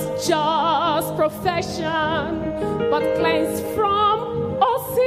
God's just profession, but cleansed from all sin.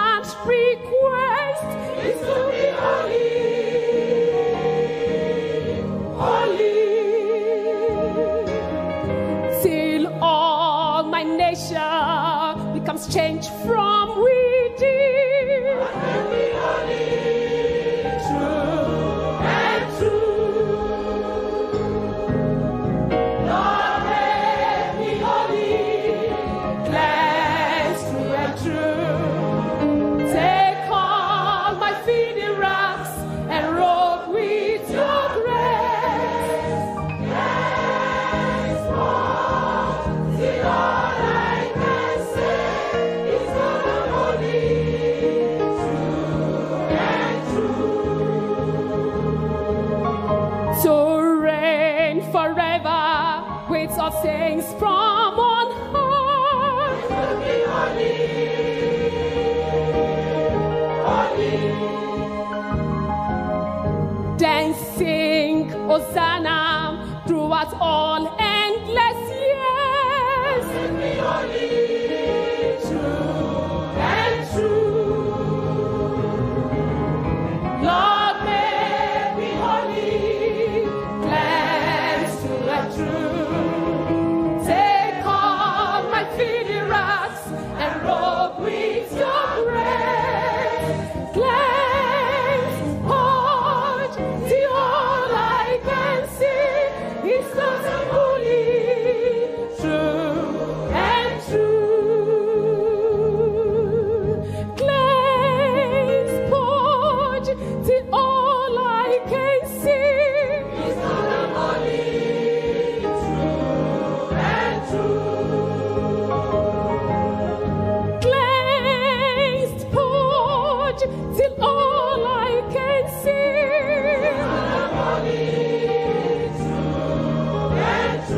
blessings from on high. Dancing, Hosanna, throughout all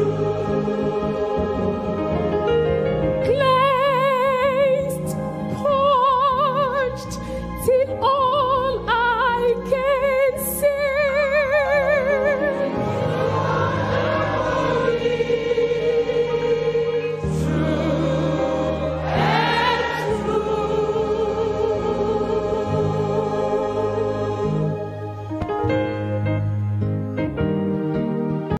you.